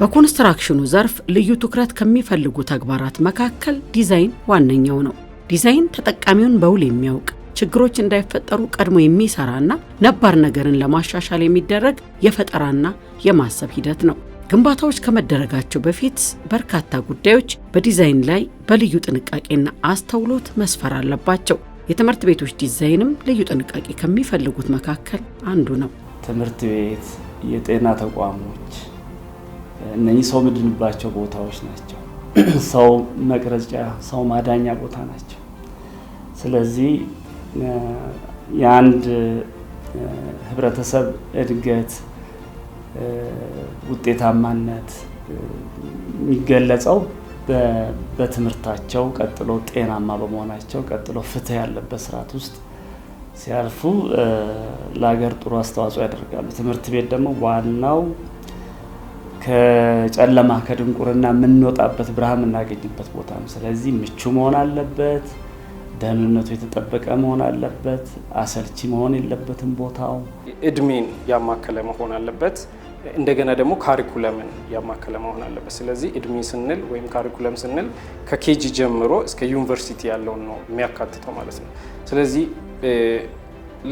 በኮንስትራክሽኑ ዘርፍ ልዩ ትኩረት ከሚፈልጉ ተግባራት መካከል ዲዛይን ዋነኛው ነው። ዲዛይን ተጠቃሚውን በውል የሚያውቅ ችግሮች እንዳይፈጠሩ ቀድሞ የሚሰራና ነባር ነገርን ለማሻሻል የሚደረግ የፈጠራና የማሰብ ሂደት ነው። ግንባታዎች ከመደረጋቸው በፊት በርካታ ጉዳዮች በዲዛይን ላይ በልዩ ጥንቃቄና አስተውሎት መስፈር አለባቸው። የትምህርት ቤቶች ዲዛይንም ልዩ ጥንቃቄ ከሚፈልጉት መካከል አንዱ ነው። ትምህርት ቤት፣ የጤና ተቋሞች እነኚህ ሰው የምድንባቸው ቦታዎች ናቸው። ሰው መቅረጫ፣ ሰው ማዳኛ ቦታ ናቸው። ስለዚህ የአንድ ህብረተሰብ እድገት ውጤታማነት የሚገለጸው በትምህርታቸው ቀጥሎ ጤናማ በመሆናቸው ቀጥሎ ፍትህ ያለበት ስርዓት ውስጥ ሲያልፉ ለሀገር ጥሩ አስተዋጽኦ ያደርጋሉ። ትምህርት ቤት ደግሞ ዋናው ከጨለማ ከድንቁርና የምንወጣበት ብርሃን የምናገኝበት ቦታ ነው። ስለዚህ ምቹ መሆን አለበት፣ ደህንነቱ የተጠበቀ መሆን አለበት፣ አሰልቺ መሆን የለበትም። ቦታው እድሜን ያማከለ መሆን አለበት። እንደገና ደግሞ ካሪኩለምን ያማከለ መሆን አለበት። ስለዚህ እድሜ ስንል ወይም ካሪኩለም ስንል ከኬጂ ጀምሮ እስከ ዩኒቨርሲቲ ያለውን ነው የሚያካትተው ማለት ነው። ስለዚህ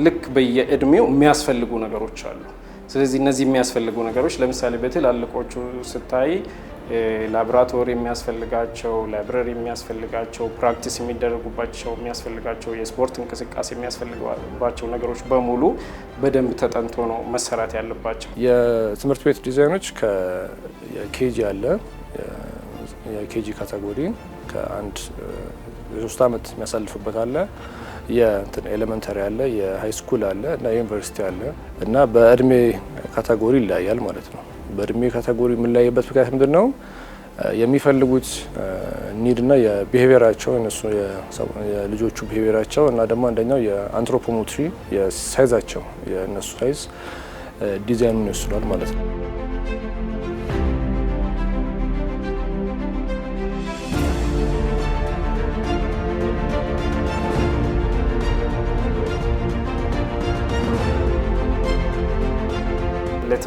ልክ በየእድሜው የሚያስፈልጉ ነገሮች አሉ። ስለዚህ እነዚህ የሚያስፈልጉ ነገሮች ለምሳሌ በትላልቆቹ ስታይ ላብራቶሪ የሚያስፈልጋቸው፣ ላይብረሪ የሚያስፈልጋቸው፣ ፕራክቲስ የሚደረጉባቸው የሚያስፈልጋቸው፣ የስፖርት እንቅስቃሴ የሚያስፈልግባቸው ነገሮች በሙሉ በደንብ ተጠንቶ ነው መሰራት ያለባቸው። የትምህርት ቤት ዲዛይኖች ከኬጂ አለ የኬጂ ካታጎሪ ከአንድ የሶስት ዓመት የሚያሳልፍበት አለ ኤሌመንተሪ አለ የሃይስኩል ስኩል አለ እና ዩኒቨርሲቲ አለ እና በእድሜ ካታጎሪ ይለያያል ማለት ነው። በእድሜ ካታጎሪ የምንለያይበት ምክንያት ምንድን ነው? የሚፈልጉት ኒድ እና የቢሄቪራቸው እነሱ የልጆቹ ቢሄቪራቸው እና ደግሞ አንደኛው የአንትሮፖሞትሪ የሳይዛቸው የእነሱ ሳይዝ ዲዛይኑን ይወስዷል ማለት ነው።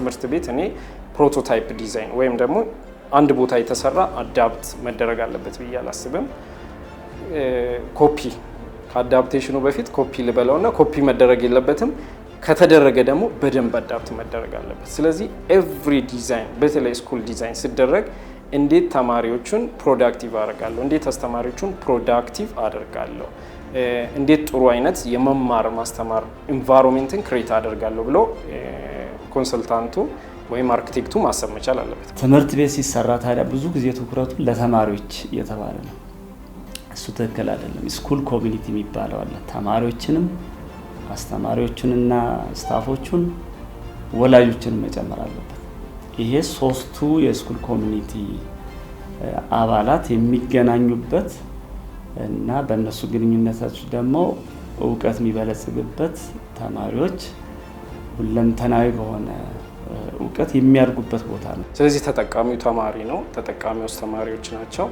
ትምህርት ቤት እኔ ፕሮቶታይፕ ዲዛይን ወይም ደግሞ አንድ ቦታ የተሰራ አዳፕት መደረግ አለበት ብዬ አላስብም። ኮፒ ከአዳፕቴሽኑ በፊት ኮፒ እና ኮፒ መደረግ የለበትም። ከተደረገ ደግሞ በደንብ አዳፕት መደረግ አለበት። ስለዚህ ኤቭሪ ዲዛይን በተለይ ስኩል ዲዛይን ሲደረግ እንዴት ተማሪዎቹን ፕሮዳክቲቭ አደርጋለሁ፣ እንዴት አስተማሪዎቹን ፕሮዳክቲቭ አደርጋለሁ፣ እንዴት ጥሩ አይነት የመማር ማስተማር ኢንቫይሮንሜንትን ክሬት አደርጋለሁ ብሎ ኮንሰልታንቱ ወይም አርክቴክቱ ማሰብ መቻል አለበት። ትምህርት ቤት ሲሰራ ታዲያ ብዙ ጊዜ ትኩረቱ ለተማሪዎች እየተባለ ነው። እሱ ትክክል አይደለም። ስኩል ኮሚኒቲ የሚባለው አለ። ተማሪዎችንም አስተማሪዎቹንና ስታፎቹን ወላጆችን መጨመር አለበት። ይሄ ሶስቱ የስኩል ኮሚኒቲ አባላት የሚገናኙበት እና በእነሱ ግንኙነታችሁ ደግሞ እውቀት የሚበለጽግበት ተማሪዎች ሁለንተናዊ በሆነ እውቀት የሚያድጉበት ቦታ ነው። ስለዚህ ተጠቃሚው ተማሪ ነው፣ ተጠቃሚ ተማሪዎች ናቸው።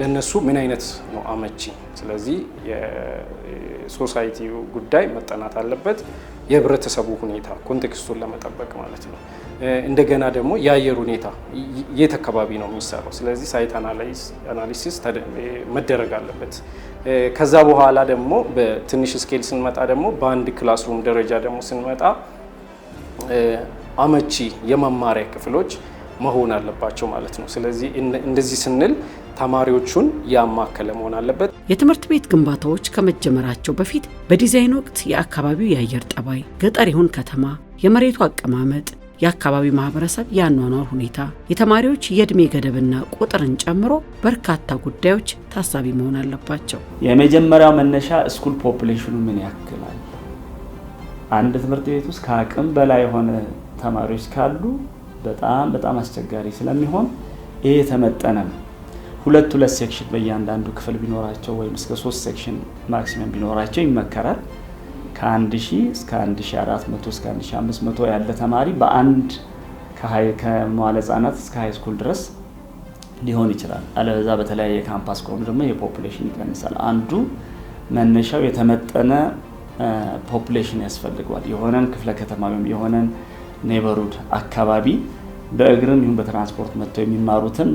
ለነሱ ምን አይነት ነው አመቺ? ስለዚህ የሶሳይቲው ጉዳይ መጠናት አለበት። የህብረተሰቡ ሁኔታ ኮንቴክስቱን ለመጠበቅ ማለት ነው። እንደገና ደግሞ የአየር ሁኔታ የት አካባቢ ነው የሚሰራው? ስለዚህ ሳይት አናሊሲስ መደረግ አለበት። ከዛ በኋላ ደግሞ በትንሽ ስኬል ስንመጣ ደግሞ በአንድ ክላስሩም ደረጃ ደግሞ ስንመጣ አመቺ የመማሪያ ክፍሎች መሆን አለባቸው ማለት ነው። ስለዚህ እንደዚህ ስንል ተማሪዎቹን ያማከለ መሆን አለበት። የትምህርት ቤት ግንባታዎች ከመጀመራቸው በፊት በዲዛይን ወቅት የአካባቢው የአየር ጠባይ፣ ገጠር ይሁን ከተማ፣ የመሬቱ አቀማመጥ፣ የአካባቢው ማህበረሰብ የአኗኗር ሁኔታ፣ የተማሪዎች የእድሜ ገደብና ቁጥርን ጨምሮ በርካታ ጉዳዮች ታሳቢ መሆን አለባቸው። የመጀመሪያው መነሻ ስኩል ፖፕሌሽኑ ምን ያክል አንድ ትምህርት ቤት ውስጥ ከአቅም በላይ የሆነ ተማሪዎች ካሉ በጣም በጣም አስቸጋሪ ስለሚሆን ይሄ የተመጠነ ነው። ሁለት ሁለት ሴክሽን በእያንዳንዱ ክፍል ቢኖራቸው ወይም እስከ ሶስት ሴክሽን ማክሲመም ቢኖራቸው ይመከራል። ከ1000 እስከ 1400 እስከ 1500 ያለ ተማሪ በአንድ ከመዋለ ህጻናት እስከ ሀይ ስኩል ድረስ ሊሆን ይችላል። አለበዛ በተለያየ ካምፓስ ከሆኑ ደግሞ የፖፑሌሽን ይቀንሳል። አንዱ መነሻው የተመጠነ ፖፕሌሽን ያስፈልገዋል። የሆነን ክፍለ ከተማ ወይም የሆነን ኔበርሁድ አካባቢ በእግርም ይሁን በትራንስፖርት መጥተው የሚማሩትን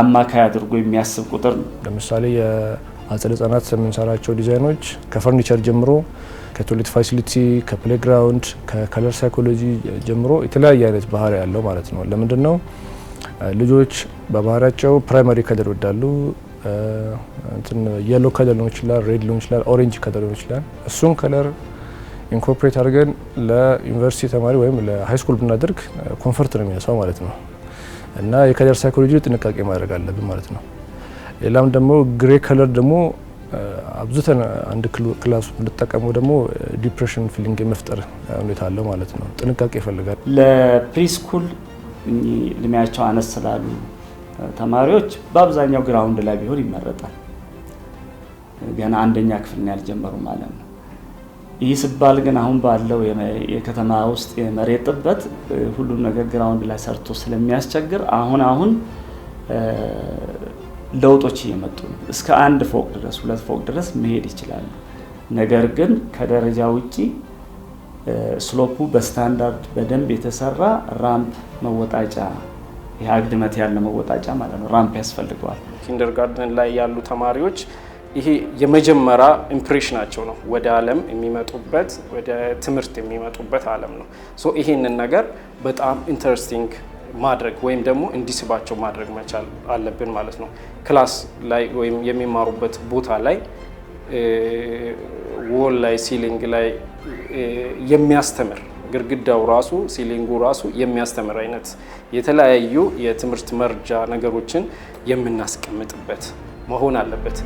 አማካይ አድርጎ የሚያስብ ቁጥር ነው። ለምሳሌ የአጸደ ህጻናት የምንሰራቸው ዲዛይኖች ከፈርኒቸር ጀምሮ ከቶሌት ፋሲሊቲ፣ ከፕሌግራውንድ፣ ከከለር ሳይኮሎጂ ጀምሮ የተለያየ አይነት ባህሪ ያለው ማለት ነው። ለምንድን ነው ልጆች በባህሪያቸው ፕራይማሪ ከለር ይወዳሉ። የሎ ከለር ሊሆን ይችላል፣ ሬድ ሊሆን ይችላል፣ ኦሬንጅ ከለር ሊሆን ይችላል። እሱን ከለር ኢንኮርፖሬት አድርገን ለዩኒቨርሲቲ ተማሪ ወይም ለሃይስኩል ብናደርግ ኮንፈርት ነው የሚነሳው ማለት ነው። እና የከለር ሳይኮሎጂ ጥንቃቄ ማድረግ አለብን ማለት ነው። ሌላም ደግሞ ግሬ ከለር ደግሞ አብዙተን አንድ ክላስ ብንጠቀመው ደግሞ ዲፕሬሽን ፊሊንግ የመፍጠር ሁኔታ አለው ማለት ነው። ጥንቃቄ ይፈልጋል። ለፕሪስኩል እድሜያቸው አነስ ስላሉ ተማሪዎች በአብዛኛው ግራውንድ ላይ ቢሆን ይመረጣል። ገና አንደኛ ክፍል ነው ያልጀመሩ ማለት ነው። ይህ ሲባል ግን አሁን ባለው የከተማ ውስጥ የመሬት ጥበት ሁሉም ነገር ግራውንድ ላይ ሰርቶ ስለሚያስቸግር አሁን አሁን ለውጦች እየመጡ ነው። እስከ አንድ ፎቅ ድረስ ሁለት ፎቅ ድረስ መሄድ ይችላሉ። ነገር ግን ከደረጃ ውጪ ስሎፑ በስታንዳርድ በደንብ የተሰራ ራምፕ መወጣጫ ይህ ያለ መወጣጫ ማለት ነው። ራምፕ ያስፈልገዋል። ኪንደርጋርደን ላይ ያሉ ተማሪዎች ይሄ የመጀመሪያ ኢምፕሬሽናቸው ነው፣ ወደ ዓለም የሚመጡበት ወደ ትምህርት የሚመጡበት ዓለም ነው። ሶ ይሄንን ነገር በጣም ኢንተረስቲንግ ማድረግ ወይም ደግሞ እንዲስባቸው ማድረግ መቻል አለብን ማለት ነው። ክላስ ላይ ወይም የሚማሩበት ቦታ ላይ ወል ላይ ሲሊንግ ላይ የሚያስተምር ግርግዳው ራሱ ሲሊንጉ ራሱ የሚያስተምር አይነት የተለያዩ የትምህርት መርጃ ነገሮችን የምናስቀምጥበት መሆን አለበት።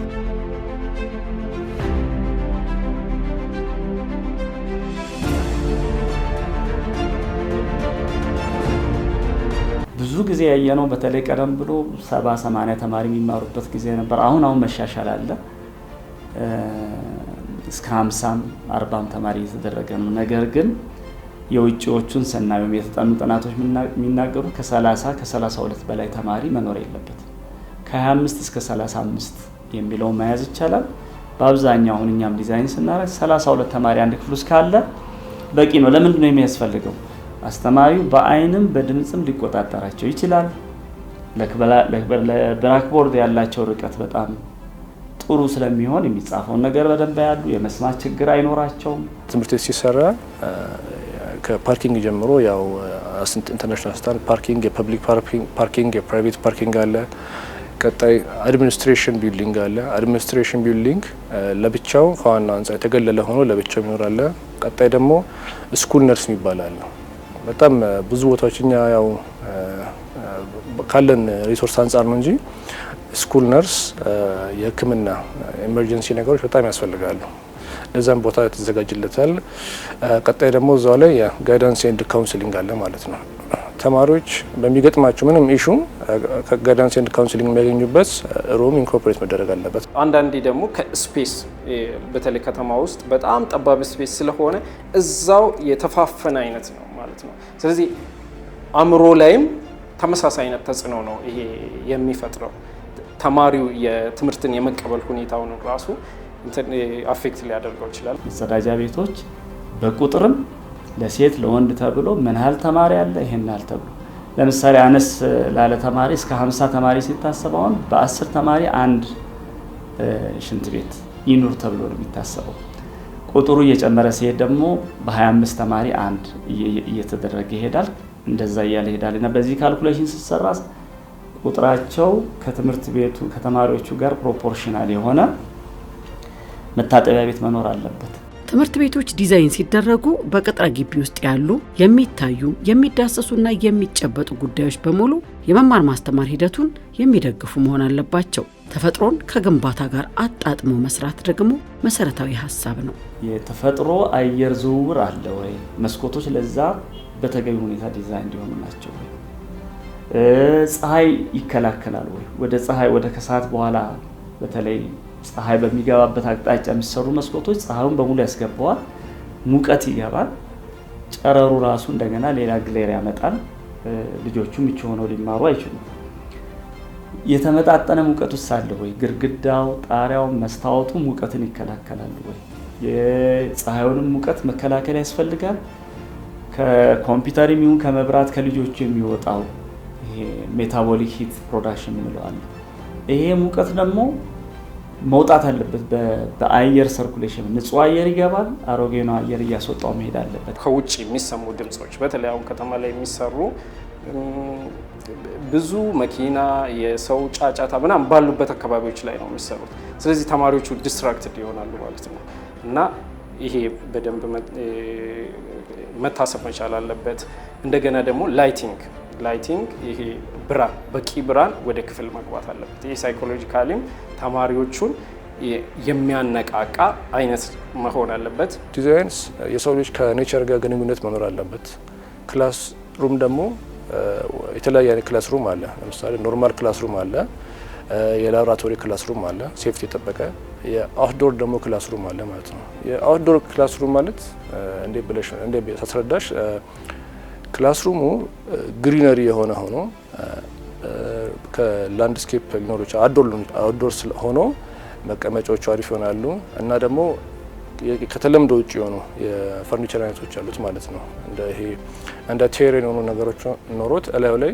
ብዙ ጊዜ ነው በተለይ ቀደም ብሎ ሰባ ሰማንያ ተማሪ የሚማሩበት ጊዜ ነበር። አሁን አሁን መሻሻል አለ። እስከ ሀምሳም አርባም ተማሪ እየተደረገ ነው። ነገር ግን የውጭዎቹን ወይም የተጠኑ ጥናቶች የሚናገሩ ከ30 ከ32 በላይ ተማሪ መኖር የለበትም። ከ25 እስከ 35 የሚለው መያዝ ይቻላል። በአብዛኛው አሁን እኛም ዲዛይን ስናረግ 32 ተማሪ አንድ ክፍል ውስጥ ካለ በቂ ነው። ለምንድን ነው የሚያስፈልገው? አስተማሪው በአይንም በድምፅም ሊቆጣጠራቸው ይችላል። ለብላክቦርድ ያላቸው ርቀት በጣም ጥሩ ስለሚሆን የሚጻፈውን ነገር በደንብ ያሉ የመስማት ችግር አይኖራቸውም። ትምህርት ቤት ሲሰራ ከፓርኪንግ ጀምሮ ያው አስንት ኢንተርናሽናል ስታንድ ፓርኪንግ፣ የፐብሊክ ፓርኪንግ፣ የፕራይቬት ፓርኪንግ አለ። ቀጣይ አድሚኒስትሬሽን ቢልዲንግ አለ። አድሚኒስትሬሽን ቢልዲንግ ለብቻው ከዋና አንጻር የተገለለ ሆኖ ለብቻው የሚኖር አለ። ቀጣይ ደግሞ ስኩል ነርስ የሚባል አለ። በጣም ብዙ ቦታዎች እኛ ያው ካለን ሪሶርስ አንጻር ነው እንጂ ስኩል ነርስ የህክምና ኤመርጀንሲ ነገሮች በጣም ያስፈልጋሉ። ለዛም ቦታ ተዘጋጅለታል። ቀጣይ ደግሞ እዛው ላይ ጋይዳንስ ኤንድ ካውንስሊንግ አለ ማለት ነው። ተማሪዎች በሚገጥማቸው ምንም ኢሹ ከጋይዳንስ ኤንድ ካውንስሊንግ የሚያገኙበት ሩም ኢንኮርፖሬት መደረግ አለበት። አንዳንዴ ደግሞ ከስፔስ በተለይ ከተማ ውስጥ በጣም ጠባብ ስፔስ ስለሆነ እዛው የተፋፈነ አይነት ነው ማለት ነው። ስለዚህ አእምሮ ላይም ተመሳሳይ አይነት ተጽዕኖ ነው ይሄ የሚፈጥረው። ተማሪው የትምህርትን የመቀበል ሁኔታውን ራሱ አፌክት ሊያደርገው ይችላል። መጸዳጃ ቤቶች በቁጥርም ለሴት ለወንድ ተብሎ ምን ያህል ተማሪ አለ ይህን ያህል ተብሎ ለምሳሌ አነስ ላለ ተማሪ እስከ 50 ተማሪ ሲታሰብ አሁን በ10 ተማሪ አንድ ሽንት ቤት ይኑር ተብሎ ነው የሚታሰበው። ቁጥሩ እየጨመረ ሲሄድ ደግሞ በ25 ተማሪ አንድ እየተደረገ ይሄዳል። እንደዛ እያለ ይሄዳል እና በዚህ ካልኩሌሽን ስትሰራ ቁጥራቸው ከትምህርት ቤቱ ከተማሪዎቹ ጋር ፕሮፖርሽናል የሆነ መታጠቢያ ቤት መኖር አለበት። ትምህርት ቤቶች ዲዛይን ሲደረጉ በቅጥረ ግቢ ውስጥ ያሉ የሚታዩ የሚዳሰሱና የሚጨበጡ ጉዳዮች በሙሉ የመማር ማስተማር ሂደቱን የሚደግፉ መሆን አለባቸው። ተፈጥሮን ከግንባታ ጋር አጣጥሞ መስራት ደግሞ መሰረታዊ ሀሳብ ነው። የተፈጥሮ አየር ዝውውር አለ ወይ? መስኮቶች ለዛ በተገቢ ሁኔታ ዲዛይን እንዲሆኑ ናቸው። ፀሐይ ይከላከላል ወይ? ወደ ፀሐይ ወደ ከሰዓት በኋላ በተለይ ፀሐይ በሚገባበት አቅጣጫ የሚሰሩ መስኮቶች ፀሐዩን በሙሉ ያስገባዋል። ሙቀት ይገባል። ጨረሩ ራሱ እንደገና ሌላ ግሌር ያመጣል። ልጆቹ ምቹ ሆነው ሊማሩ አይችሉም። የተመጣጠነ ሙቀት ውስጥ አለ ወይ? ግርግዳው ጣሪያው፣ መስታወቱ ሙቀትን ይከላከላሉ ወይ? የፀሐዩንም ሙቀት መከላከል ያስፈልጋል። ከኮምፒውተር የሚሆን ከመብራት ከልጆቹ የሚወጣው ሜታቦሊክ ሂት ፕሮዳክሽን እንለዋለን። ይሄ ሙቀት ደግሞ መውጣት አለበት። በአየር ሰርኩሌሽን ንጹህ አየር ይገባል። አሮጌኑ አየር እያስወጣው መሄድ አለበት። ከውጭ የሚሰሙ ድምፆች በተለይ አሁን ከተማ ላይ የሚሰሩ ብዙ መኪና፣ የሰው ጫጫታ ምናምን ባሉበት አካባቢዎች ላይ ነው የሚሰሩት። ስለዚህ ተማሪዎቹ ዲስትራክትድ ይሆናሉ ማለት ነው እና ይሄ በደንብ መታሰብ መቻል አለበት። እንደገና ደግሞ ላይቲንግ ላይቲንግ ይሄ ብርሃን በቂ ብርሃን ወደ ክፍል መግባት አለበት። ይሄ ሳይኮሎጂካሊም ተማሪዎቹን የሚያነቃቃ አይነት መሆን አለበት። ዲዛይንስ የሰው ልጅ ከኔቸር ጋር ግንኙነት መኖር አለበት። ክላስ ሩም ደግሞ የተለያየ አይነት ክላስ ሩም አለ። ለምሳሌ ኖርማል ክላስ ሩም አለ፣ የላብራቶሪ ክላስ ሩም አለ፣ ሴፍቲ የጠበቀ የአውትዶር ደግሞ ክላስ ሩም አለ ማለት ነው። የአውትዶር ክላስ ሩም ማለት እንዴ ብለሽ እንዴ ሳስረዳሽ ክላስሩሙ ግሪነሪ የሆነ ሆኖ ከላንድስኬፕ ሊኖሮች አውትዶር ሆኖ መቀመጫዎቹ አሪፍ ይሆናሉ እና ደግሞ ከተለምዶ ውጭ የሆኑ የፈርኒቸር አይነቶች አሉት ማለት ነው። እንደ ይሄ እንደ ቴሬን የሆኑ ነገሮች ኖሮት እላዩ ላይ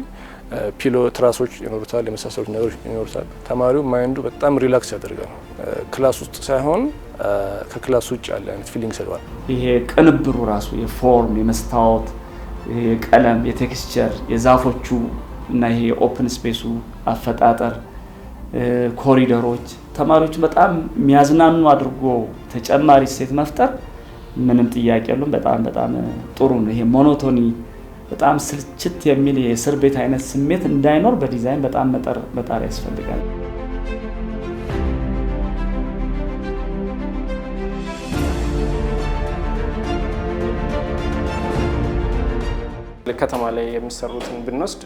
ፒሎ ትራሶች ይኖሩታል፣ የመሳሰሉት ነገሮች ይኖሩታል። ተማሪው ማይንዱ በጣም ሪላክስ ያደርጋል። ክላስ ውስጥ ሳይሆን ከክላስ ውጭ ያለ አይነት ፊሊንግ ይሰጠዋል። ይሄ ቅንብሩ ራሱ የፎርም የመስታወት የቀለም የቴክስቸር የዛፎቹ እና ይሄ የኦፕን ስፔሱ አፈጣጠር ኮሪደሮች ተማሪዎችን በጣም የሚያዝናኑ አድርጎ ተጨማሪ ሴት መፍጠር ምንም ጥያቄ የሉም። በጣም በጣም ጥሩ ነው። ይሄ ሞኖቶኒ በጣም ስልችት የሚል የእስር ቤት አይነት ስሜት እንዳይኖር በዲዛይን በጣም መጠር መጣር ያስፈልጋል። ከተማ ላይ የሚሰሩትን ብንወስድ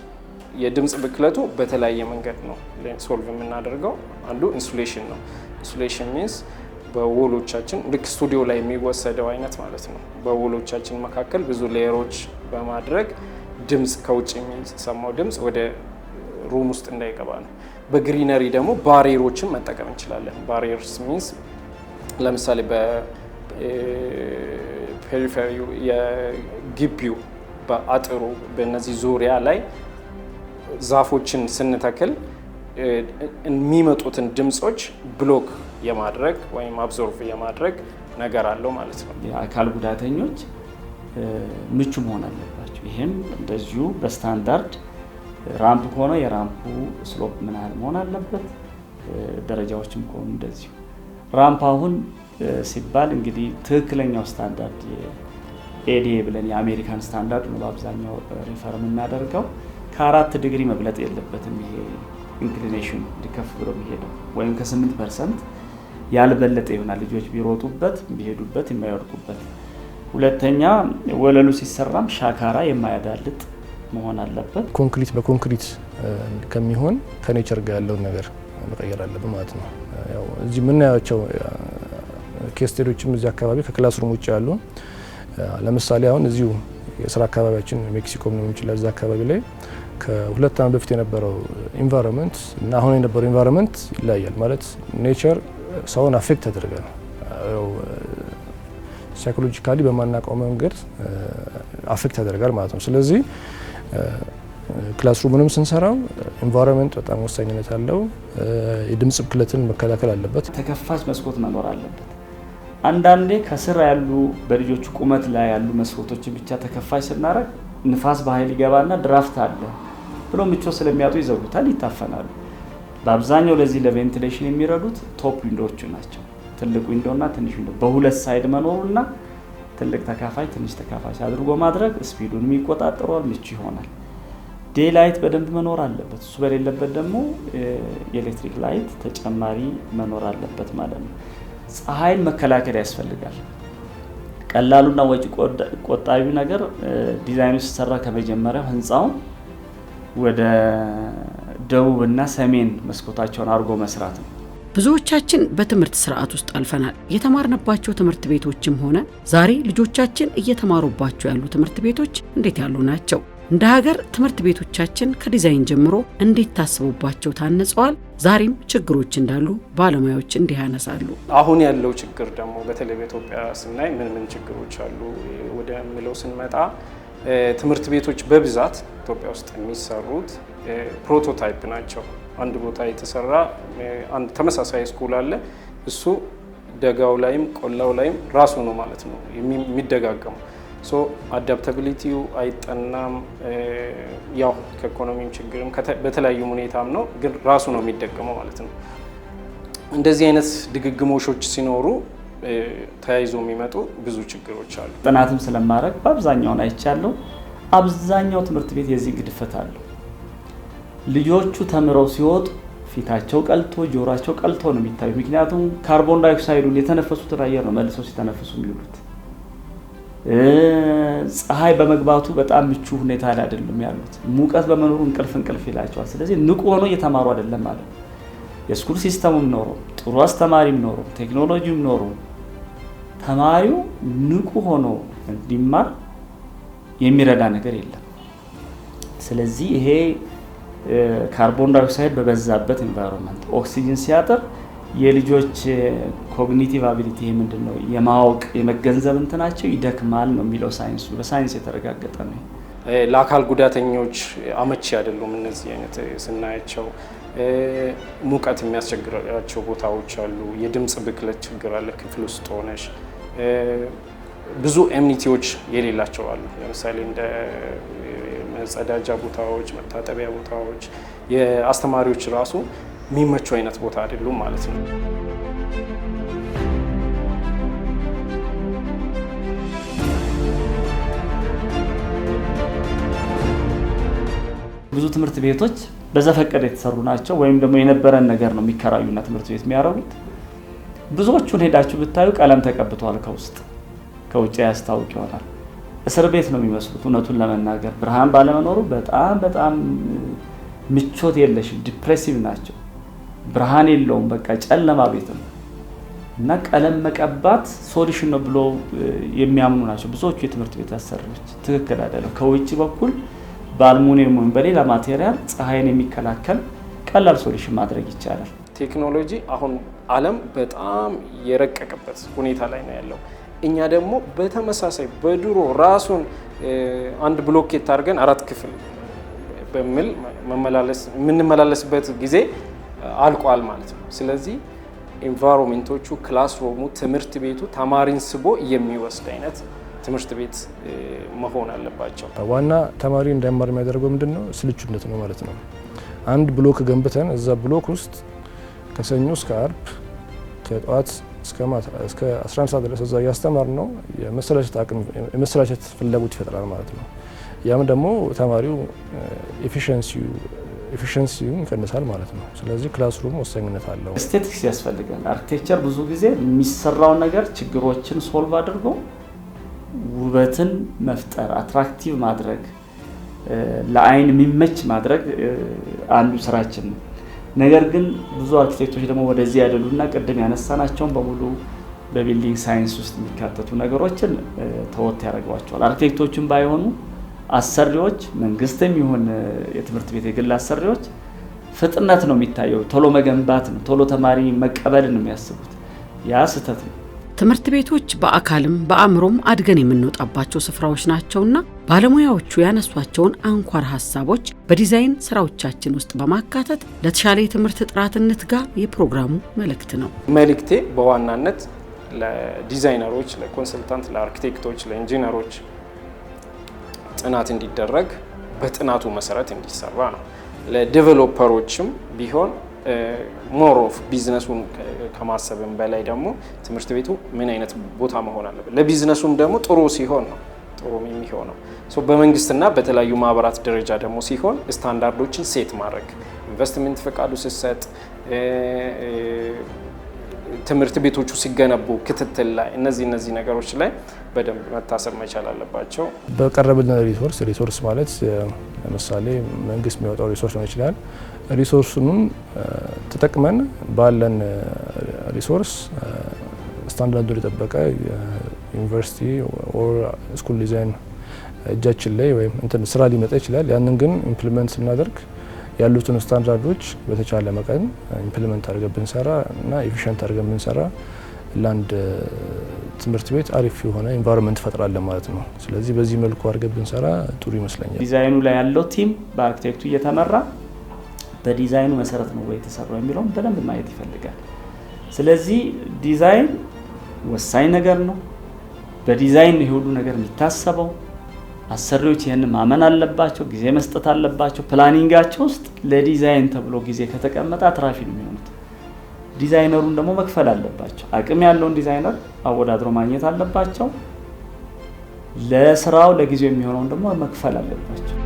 የድምፅ ብክለቱ በተለያየ መንገድ ነው ሶልቭ የምናደርገው። አንዱ ኢንሱሌሽን ነው። ኢንሱሌሽን ሚንስ በወሎቻችን ልክ ስቱዲዮ ላይ የሚወሰደው አይነት ማለት ነው። በወሎቻችን መካከል ብዙ ሌየሮች በማድረግ ድምፅ ከውጭ የሚሰማው ድምፅ ወደ ሩም ውስጥ እንዳይገባ ነው። በግሪነሪ ደግሞ ባሪየሮችን መጠቀም እንችላለን። ባሬርስ ሚንስ ለምሳሌ በፔሪፌሪ የግቢው በአጥሩ በነዚህ ዙሪያ ላይ ዛፎችን ስንተክል የሚመጡትን ድምፆች ብሎክ የማድረግ ወይም አብዞርቭ የማድረግ ነገር አለው ማለት ነው። የአካል ጉዳተኞች ምቹ መሆን አለባቸው። ይህም እንደዚሁ በስታንዳርድ ራምፕ ከሆነ የራምፑ ስሎፕ ምን ያህል መሆን አለበት፣ ደረጃዎችም ከሆኑ እንደዚሁ። ራምፕ አሁን ሲባል እንግዲህ ትክክለኛው ስታንዳርድ ኤዲኤ ብለን የአሜሪካን ስታንዳርድ ነው በአብዛኛው ሪፈር የምናደርገው። ከአራት ዲግሪ መብለጥ የለበትም ይሄ ኢንክሊኔሽን እንዲከፍ ብሎ የሚሄደው ወይም ከስምንት ፐርሰንት ያልበለጠ ይሆናል ልጆች ቢሮጡበት ቢሄዱበት የማይወድቁበት። ሁለተኛ ወለሉ ሲሰራም ሻካራ የማያዳልጥ መሆን አለበት። ኮንክሪት በኮንክሪት ከሚሆን ከኔቸር ጋር ያለውን ነገር መቀየር አለብን ማለት ነው። ያው እዚህ የምናያቸው ኬስቴዶችም እዚህ አካባቢ ከክላስሩም ውጭ ያሉ ለምሳሌ አሁን እዚሁ የስራ አካባቢያችን ሜክሲኮም ነው የሚችል እዛ አካባቢ ላይ ከሁለት ዓመት በፊት የነበረው ኢንቫይሮንመንት እና አሁን የነበረው ኢንቫይሮንመንት ይለያያል። ማለት ኔቸር ሰውን አፌክት ያደርጋል ነው ሳይኮሎጂካሊ በማናውቀው መንገድ አፌክት ያደርጋል ማለት ነው። ስለዚህ ክላስሩምንም ስንሰራው ኢንቫይሮንመንት በጣም ወሳኝነት አለው። የድምፅ ብክለትን መከላከል አለበት። ተከፋች መስኮት መኖር አለበት። አንዳንዴ ከስር ያሉ በልጆቹ ቁመት ላይ ያሉ መስኮቶችን ብቻ ተከፋይ ስናደርግ ንፋስ በኃይል ይገባና ድራፍት አለ ብሎ ምቾት ስለሚያጡ ይዘጉታል፣ ይታፈናሉ። በአብዛኛው ለዚህ ለቬንቲሌሽን የሚረዱት ቶፕ ዊንዶዎቹ ናቸው። ትልቅ ዊንዶና ትንሽ ዊንዶ በሁለት ሳይድ መኖሩና ትልቅ ተካፋይ ትንሽ ተካፋይ አድርጎ ማድረግ ስፒዱንም ይቆጣጠሯል፣ ምቹ ይሆናል። ዴላይት ላይት በደንብ መኖር አለበት። እሱ በሌለበት ደግሞ የኤሌክትሪክ ላይት ተጨማሪ መኖር አለበት ማለት ነው። ፀሐይን መከላከል ያስፈልጋል። ቀላሉና ወጪ ቆጣቢ ነገር ዲዛይኑ ሲሰራ ከመጀመሪያው ህንፃውን ወደ ደቡብ እና ሰሜን መስኮታቸውን አድርጎ መስራት ነው። ብዙዎቻችን በትምህርት ስርዓት ውስጥ አልፈናል። የተማርንባቸው ትምህርት ቤቶችም ሆነ ዛሬ ልጆቻችን እየተማሩባቸው ያሉ ትምህርት ቤቶች እንዴት ያሉ ናቸው? እንደ ሀገር ትምህርት ቤቶቻችን ከዲዛይን ጀምሮ እንዴት ታስቡባቸው ታንጸዋል? ዛሬም ችግሮች እንዳሉ ባለሙያዎች እንዲህ ያነሳሉ። አሁን ያለው ችግር ደግሞ በተለይ በኢትዮጵያ ስናይ ምን ምን ችግሮች አሉ ወደሚለው ስንመጣ ትምህርት ቤቶች በብዛት ኢትዮጵያ ውስጥ የሚሰሩት ፕሮቶታይፕ ናቸው። አንድ ቦታ የተሰራ አንድ ተመሳሳይ ስኩል አለ። እሱ ደጋው ላይም ቆላው ላይም ራሱ ነው ማለት ነው የሚደጋገሙ ሶ አዳፕታቢሊቲው አይጠናም። ያው ከኢኮኖሚም ችግርም በተለያዩም ሁኔታም ነው፣ ግን ራሱ ነው የሚደገመው ማለት ነው። እንደዚህ አይነት ድግግሞሾች ሲኖሩ ተያይዞ የሚመጡ ብዙ ችግሮች አሉ። ጥናትም ስለማድረግ በአብዛኛውን አይቻለሁ። አብዛኛው ትምህርት ቤት የዚህ ግድፈት አለው። ልጆቹ ተምረው ሲወጡ ፊታቸው ቀልቶ ጆሯቸው ቀልቶ ነው የሚታዩ። ምክንያቱም ካርቦን ዳይኦክሳይዱን የተነፈሱትን አየር ነው መልሰው ሲተነፍሱ የሚውሉት። ፀሐይ በመግባቱ በጣም ምቹ ሁኔታ ላይ አይደለም ያሉት። ሙቀት በመኖሩ እንቅልፍ እንቅልፍ ይላቸዋል። ስለዚህ ንቁ ሆኖ እየተማሩ አይደለም ማለት ነው። የስኩል ሲስተሙም ኖሮ ጥሩ አስተማሪም ኖሮ ቴክኖሎጂም ኖሮ ተማሪው ንቁ ሆኖ እንዲማር የሚረዳ ነገር የለም። ስለዚህ ይሄ ካርቦን ዳይኦክሳይድ በበዛበት ኤንቫይሮንመንት ኦክሲጅን ሲያጥር የልጆች ኮግኒቲቭ አቢሊቲ ይሄ ምንድን ነው የማወቅ የመገንዘብ እንትናቸው ይደክማል ነው የሚለው ሳይንሱ። በሳይንስ የተረጋገጠ ነው። ለአካል ጉዳተኞች አመቺ አይደሉም። እነዚህ አይነት ስናያቸው ሙቀት የሚያስቸግራቸው ቦታዎች አሉ። የድምፅ ብክለት ችግር አለ። ክፍል ውስጥ ሆነሽ ብዙ ኤምኒቲዎች የሌላቸው አሉ። ለምሳሌ እንደ መጸዳጃ ቦታዎች፣ መታጠቢያ ቦታዎች የአስተማሪዎች ራሱ የሚመቹ አይነት ቦታ አይደሉም ማለት ነው። ብዙ ትምህርት ቤቶች በዘፈቀደ የተሰሩ ናቸው፣ ወይም ደግሞ የነበረን ነገር ነው የሚከራዩና ትምህርት ቤት የሚያደርጉት። ብዙዎቹን ሄዳችሁ ብታዩ ቀለም ተቀብተዋል ከውስጥ ከውጭ ያስታውቅ ይሆናል። እስር ቤት ነው የሚመስሉት። እውነቱን ለመናገር ብርሃን ባለመኖሩ በጣም በጣም ምቾት የለሽም። ዲፕሬሲቭ ናቸው። ብርሃን የለውም፣ በቃ ጨለማ ቤት ነው እና ቀለም መቀባት ሶሉሽን ነው ብሎ የሚያምኑ ናቸው ብዙዎቹ የትምህርት ቤት አሰሪዎች። ትክክል አይደለም። ከውጭ በኩል በአልሙኒየም ወይም በሌላ ማቴሪያል ፀሐይን የሚከላከል ቀላል ሶሉሽን ማድረግ ይቻላል። ቴክኖሎጂ አሁን ዓለም በጣም የረቀቀበት ሁኔታ ላይ ነው ያለው። እኛ ደግሞ በተመሳሳይ በድሮ ራሱን አንድ ብሎኬት አድርገን አራት ክፍል በሚል መመላለስ የምንመላለስበት ጊዜ አልቋል ማለት ነው። ስለዚህ ኤንቫይሮንሜንቶቹ ክላስሩሙ፣ ትምህርት ቤቱ ተማሪን ስቦ የሚወስድ አይነት ትምህርት ቤት መሆን አለባቸው። ዋና ተማሪ እንዳይማር የሚያደርገው ምንድን ነው? ስልቹነት ነው ማለት ነው። አንድ ብሎክ ገንብተን እዛ ብሎክ ውስጥ ከሰኞ እስከ አርብ ከጠዋት እስከ 11 ሰዓት ድረስ እዛ እያስተማር ነው የመሰላቸት የመሰላቸት ፍላጎት ይፈጥራል ማለት ነው። ያም ደግሞ ተማሪው ኤፊሽንሲው ኤፊሽንሲውን ይቀንሳል ማለት ነው። ስለዚህ ክላስሩም ወሳኝነት አለው። ስቴቲክስ ያስፈልጋል። አርክቴክቸር ብዙ ጊዜ የሚሰራው ነገር ችግሮችን ሶልቭ አድርጎ ውበትን መፍጠር፣ አትራክቲቭ ማድረግ፣ ለአይን የሚመች ማድረግ አንዱ ስራችን ነው። ነገር ግን ብዙ አርኪቴክቶች ደግሞ ወደዚህ ያደሉና ቅድም ያነሳናቸውን በሙሉ በቢልዲንግ ሳይንስ ውስጥ የሚካተቱ ነገሮችን ተወት ያደርገዋቸዋል። አርኪቴክቶችን ባይሆኑ አሰሪዎች መንግስትም ይሁን የትምህርት ቤት የግል አሰሪዎች ፍጥነት ነው የሚታየው። ቶሎ መገንባት ነው፣ ቶሎ ተማሪ መቀበል ነው የሚያስቡት። ያ ስህተት ነው። ትምህርት ቤቶች በአካልም በአእምሮም አድገን የምንወጣባቸው ስፍራዎች ናቸውና ባለሙያዎቹ ያነሷቸውን አንኳር ሀሳቦች በዲዛይን ስራዎቻችን ውስጥ በማካተት ለተሻለ የትምህርት ጥራትነት ጋር የፕሮግራሙ መልእክት ነው። መልእክቴ በዋናነት ለዲዛይነሮች፣ ለኮንሰልታንት፣ ለአርኪቴክቶች፣ ለኢንጂነሮች ጥናት እንዲደረግ በጥናቱ መሰረት እንዲሰራ ነው። ለዴቨሎፐሮችም ቢሆን ሞር ኦፍ ቢዝነሱን ከማሰብም በላይ ደግሞ ትምህርት ቤቱ ምን አይነት ቦታ መሆን አለበት፣ ለቢዝነሱም ደግሞ ጥሩ ሲሆን ነው ጥሩ የሚሆነው። በመንግስትና በተለያዩ ማህበራት ደረጃ ደግሞ ሲሆን ስታንዳርዶችን ሴት ማድረግ ኢንቨስትመንት ፈቃዱ ስትሰጥ። ትምህርት ቤቶቹ ሲገነቡ ክትትል ላይ እነዚህ እነዚህ ነገሮች ላይ በደንብ መታሰብ መቻል አለባቸው። በቀረብልን ሪሶርስ ሪሶርስ ማለት ለምሳሌ መንግስት የሚወጣው ሪሶርስ ሊሆን ይችላል። ሪሶርሱንም ተጠቅመን ባለን ሪሶርስ ስታንዳርዱን የጠበቀ ዩኒቨርሲቲ ኦር ስኩል ዲዛይን እጃችን ላይ ወይም እንትን ስራ ሊመጣ ይችላል። ያንን ግን ኢምፕሊመንት ስናደርግ ያሉትን ስታንዳርዶች በተቻለ መቀን ኢምፕሊመንት አድርገን ብንሰራ እና ኤፊሽንት አድርገን ብንሰራ ለአንድ ትምህርት ቤት አሪፍ የሆነ ኢንቫይሮንመንት ፈጥራለን ማለት ነው። ስለዚህ በዚህ መልኩ አድርገን ብንሰራ ጥሩ ይመስለኛል። ዲዛይኑ ላይ ያለው ቲም በአርኪቴክቱ እየተመራ በዲዛይኑ መሰረት ነው ወይ የተሰራው የሚለውን በደንብ ማየት ይፈልጋል። ስለዚህ ዲዛይን ወሳኝ ነገር ነው። በዲዛይን የሁሉ ነገር የሚታሰበው አሰሪዎች ይህንን ማመን አለባቸው። ጊዜ መስጠት አለባቸው። ፕላኒንጋቸው ውስጥ ለዲዛይን ተብሎ ጊዜ ከተቀመጠ አትራፊ ነው የሚሆኑት። ዲዛይነሩን ደግሞ መክፈል አለባቸው። አቅም ያለውን ዲዛይነር አወዳድሮ ማግኘት አለባቸው። ለስራው ለጊዜው የሚሆነውን ደግሞ መክፈል አለባቸው።